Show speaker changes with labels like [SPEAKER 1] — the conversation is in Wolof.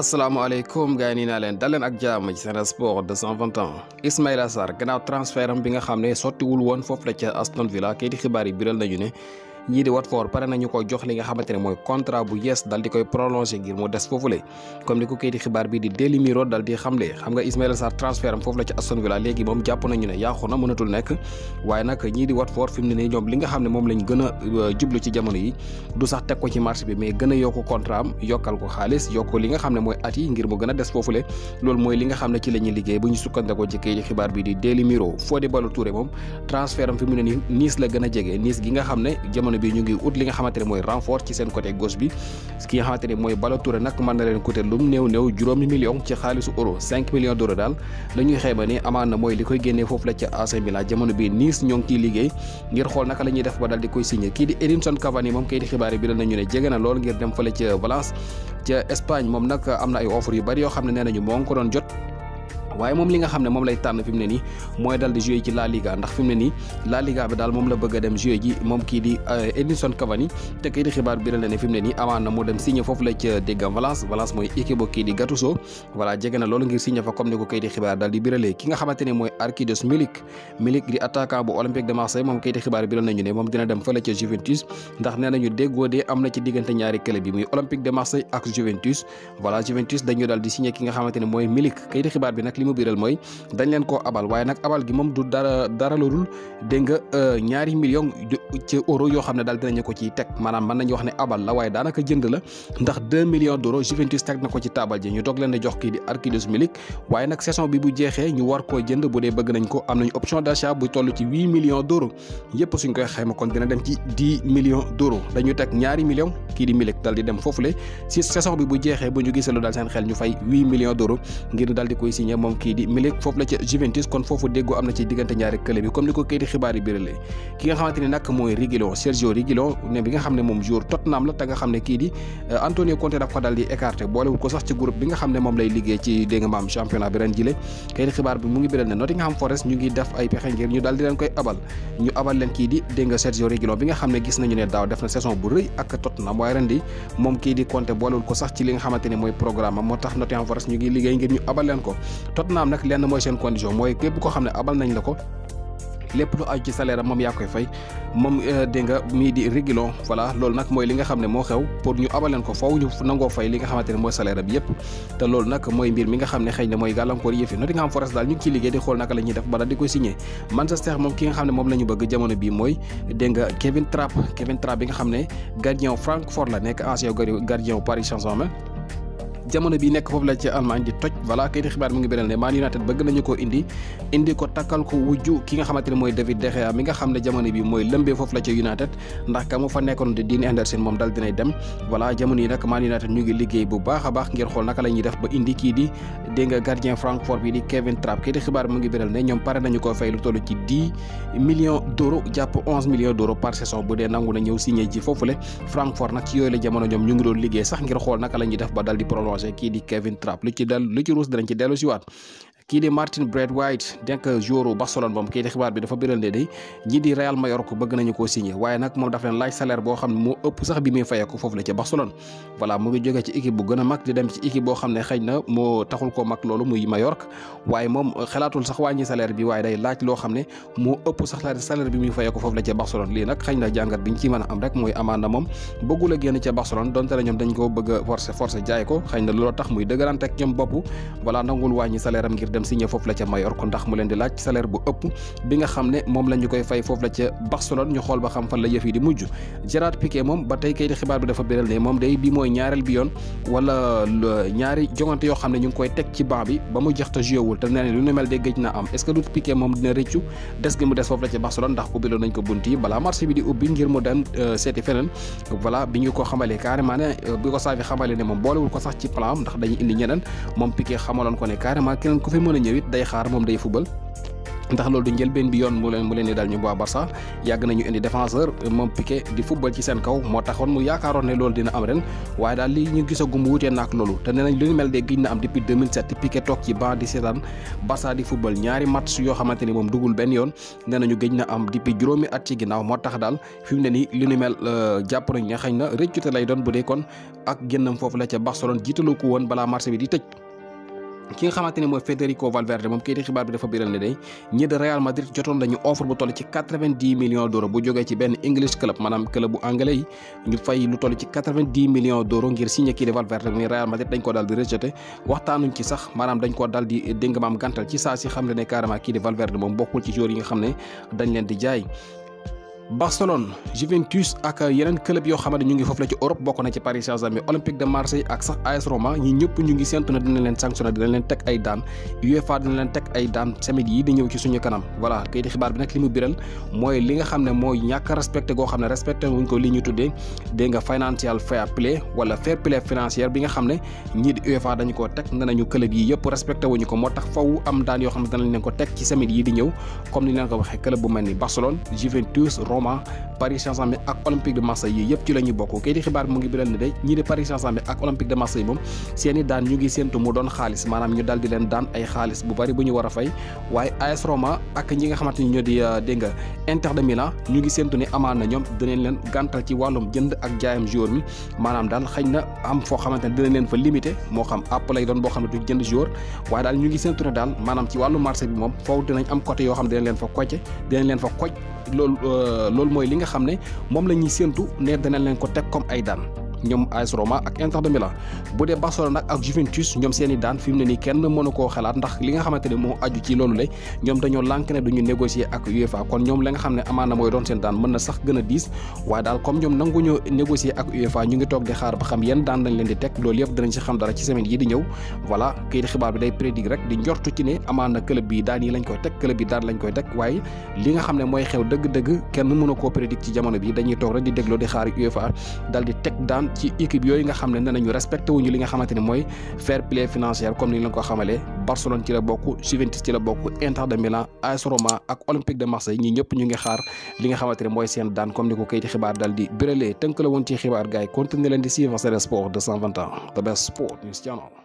[SPEAKER 1] asalaamaaleykum gars yi nii naa leen daleen ak jaama ci Sen Sport 221 Ismaïla Sarr gannaaw transfert am bi nga xam ne wul woon foofu la ca Aston Villa kayiti xibaar yi biral nañu ne ñii di Watford pare nañu ko jox li nga xamante ne mooy contrat bu yees dal di koy prolongé ngir mu des foofule comme ni ko kayiti xibaar bii di Daily Mirror dal di xamle xam la ci Aston Villa léegi moom jàpp nañu ne nii ñoom a euh, jublu ci jamono yi du sax teg ko ci a am ne mooy yi ngir mu gën a des ne ci la ñuy liggéey bu ñu sukkandikoo ci kayiti am fi gën a jege Nice gi nga xam ne jamono jamono bi ñu ngi ut li nga xamante mooy renfort ci seen côté gauche bi ki nga xamante mooy Bala Touré nag mën na leen coûter lum néew néew juróomi million ci xaalisu euro 5 millions daal la ñuy ni amaan na mooy li koy génnee foofu la ca AC Milan jamono bi Nice ñoo ngi ciy liggéey ngir xool naka la def ba daal di koy signé kii di Edinson Cavani moom kayit xibaar bi la nañu ne jege na lool ngir dem fële ca Valence ca Espagne moom nag am na ay waaye moom li nga xam ne moom lay tànn fi mu ne nii mooy dal di jouer ci La Liga ndax fi ne nii La Liga bi daal moom la bëgg a dem jouer ji moom kii di euh, Edinson Cavani te kii xibaar bi la ne fi ne nii amaan na mu dem signé foofu la ca Valence Valence mooy équipe kii di Gattuso voilà jege na loolu ngir signé fa comme ni ko kii xibaar daal nañu ne moom dina dem fële ca Juventus ndax nee nañu déggoo de am na ci diggante ñaari club yi li mu biral mooy dañ leen koo abal waaye nag abal gi moom du dara dara lu dul dégg nga euh, ñaari million ci euro yoo xam ne daal dinañu ko ciy teg maanaam mën nañu wax ne abal la waaye daanaka jënd la ndax 2 millions d'euros Juventus teg na ko ci taabal ji ñu doog leen di jox kii di Arkadiusz Milik waaye nag saison bi bu jeexee ñu war koo jënd bu dee bëgg nañ millions d'euros yëpp suñ koy xayma kon dina dem ci 10 millions d'euros dañu teg ñaari millions kii di Milik dal di dem foofule si saison bi bu jeexee bu ñu gisee lu moom kii di Milik foofu la ca Juventus kon foofu déggoo am na ci diggante ñaari club yi comme ni ko kayiti xibaar yi biralee ki nga xamante ne nag mooy Reguilon Sergio Reguilon bi nga xam ne moom joueur Tottenham euh, lay liggéey ci dégg maam championnat bi ren jile kayiti xibaar bi mu ngi biral ne Nottingham Forest ñu ngi def ay pexe ngir ñu daal leen koy abal ñu abal leen kii di dégg nga Sergio bi nga xam ne gis nañu ne daaw def na saison bu rëy ak Tottenham Tottenham nag lenn mooy seen condition mooy képp koo xam ne abal nañ la ko lépp lu aju ci salaire moom yaa koy fay moom euh, dégg nga mii di régulon voilà loolu nag mooy li nga xam ne moo xew pour ñu abaleen ko foofu ñu nangoo fay li nga xamante ne mooy salaire am yëpp te loolu nag mooy mbir mi nga xam ne xëy na mooy gàllankoor yëfi Nottingham Forest daal ñu ngi ciy liggéey ko signé moom ki nga xam ne moom la ñu bëgg jamono bi mooy dégg nga Francfort la nekk ancien gardien Paris Saint-Germain jamono bi nekk foofu la ci Allemagne di toj voilà kayiti xibaar mu ngi beral ne Man United bëgg nañu koo indi indi ko takkal ko wujju ki nga xamante mooy David De Gea mi nga xam ne jamono bi mooy lëmbee foofu la ci United ndax ka fa nekkoon di Dean Henderson moom dal dinay dem voilà jamono yi nag Man United ñu ngi liggéey bu baax a baax ngir xool naka la ñuy def ba indi kii di dégg gardien Francfort bi di Kevin Trapp kayiti xibaar mu ngi beral ne ñoom bu dee nangu na ñëw signé ji foofule Francfort nag ci yooyu la jamono ñoom changé kii di Kevin Trapp lu ci del lu ci ruus danañ ci dellu siwaat kii di Martin Braithwaite denk joueur Barcelone moom kii di xibaar bi dafa biral ne day ñi di Real Mallorca bëgg nañu koo signé waaye nag moom dafa leen laaj salaire boo xam ne moo ëpp sax bi muy fayee foofu la ci a mag di dem ci équipe boo moom xalaatul sax wàññi salaire bi laaj loo xam ne moo ëpp sax la ca Barcelone lii nag xëy na jàngat biñ ci mën a am rek mooy amaan na moom bëggul a génn Barcelone donte ne ñoom dañ ko bëgg a forcé forcé jaay ko xëy na looloo tax muy dëgërante ak ñoom bopp voilà nangul wàññi salaire ngir dem signé foofu la ca Mallorca ndax mu leen di laaj salaire bu ëpp bi nga xam ne moom la koy fay foofu la ca Barcelone ñu xool ba xam fan la yëf yi di mujj Gérard Piqué moom ba tey kayiti xibaar bi dafa biral ne moom de géej na am est du Piqué moom dina rëccu des gi mu des foofu la ca Barcelone ndax ubbiloo nañ ko bunt yi balaa marché bi di ubbi ngir mu dem euh, seeti feneen voilà bi ñu ko xamalee carrément ne euh, bi ko saafi xamalee ne moom boolewul ko mën a ñëwit day xaar moom day fubal ndax loolu du njëlbeen bi yoon mu leen mu leen di dal ñu waa Barça yàgg nañu indi défenseur moom Piqué di football ci seen kaw moo taxoon mu yaakaaroon ne loolu dina am ren waaye daal li ñu gisagum wutee naak loolu te nee nañ lu ñu mel de giñ na am depuis toog ci banc di seetaan Barça di football ñaari match yoo xamante ni moom dugul benn yoon nee nañu gëj na am depuis juróomi at ci ginnaaw moo tax daal fi mu ne nii li ñu mel euh, jàpp doon bu dee kon ak génnam foofu la ca ko woon balaa marché bi di ki nga xamante ne mooy Federico Valverde moom kayiti xibaar bi dafa biral ne day ñi Real Madrid jotoon nañu offre bu toll ci quatre vingt bu jógee ci benn English club maanaam club bu anglais yi ñu fay lu toll ci quatre vingt ngir signé kii Valverde mais Real Madrid dañ koo daal di waxtaanuñ ci sax maanaam dañ koo daal di déngamaam gàntal ci saa si xam ne ne carrément kii Valverde moom bokkul ci joueurs yi nga xam ne dañ leen di jaay Barcelone Juventus ak yeneen club yoo xam ne ñu ngi foofu la ci Europe bokk na ci Paris Saint-Germain Olympique de Marseille ak sax AS Roma ñi ñëpp ñu ngi séntu na dina leen sanctionné dina leen teg ay daan UEFA dina leen teg ay daan semaine yi di ñëw ci suñu kanam voilà kayiti xibaar bi nag li mu biral mooy li nga xam ne mooy ñàkk a goo xam ne respecté wuñ ko li ñu tuddee dégg nga financial fair play wala fair play financière bi nga xam ne ñii di UEFA dañu koo teg ne nañu club yi yëpp respecté tax faw am daan yoo xam ne dana waxee Roma Paris Saint-Germain ak Olympique de Marseille yi yëpp ci la bokk kay di xibaar mu ngi biral ni de Paris saint ak Olympique de Marseille moom seen i ñu ngi séentu a fay waaye AS Roma ni euh, amaan na ñoom dinañ leen gàntal ci wàllum jënd ak jaayam joueur mi maanaam daal xëy na am foo xamante ne leen fa limité moo xam àpp lay doon boo xam ne du jënd joueur waaye daal ñu ngi séentu ne daal maanaam ci wàllu marché bi moom foofu dinañ am côté yoo xam ne dinañ loolu mooy li nga xam ne moom la ñuy séentu ne dana leen ko teg comme ay daan ñoom AS Roma ak Inter de Milan bu dee Barcelona nag ak Juventus ñoom seen i daan fi mu ne nii kenn mënu koo xalaat ndax li nga xamante ne moo aju ci loolu le ñoom dañoo lànk ñoom la nga xam ne mooy doon seen daan mën a diis waaye daal comme ñoom nanguñu négocier ak UEFA ñu leen di teg loolu yëpp dinañ si xam dara ci semaine yi di ñëw voilà kayit daan yi koy teg club bi daan lañ koy teg waaye li nga xam ne xew dëgg-dëgg kenn mënu koo prédire ci jamono bi dañuy toog rek di dégloo di xaar UEFA dal di teg daan ci équipe yooyu nga xam ne nee nañu respecté wuñu li nga xamante ne mooy fair play financier comme ni leen ko xamalee Barcelone ci la bokk Juventus ci la bokk Inter de Milan AS Roma ak Olympique de Marseille ñi ñëpp ñu ngi xaar li nga xamante ne mooy seen daan comme ni ko kayiti xibaar daal di béralee tënk la woon ci xibaar gars yi continuer leen di suivre Sen Sports 221 the best sport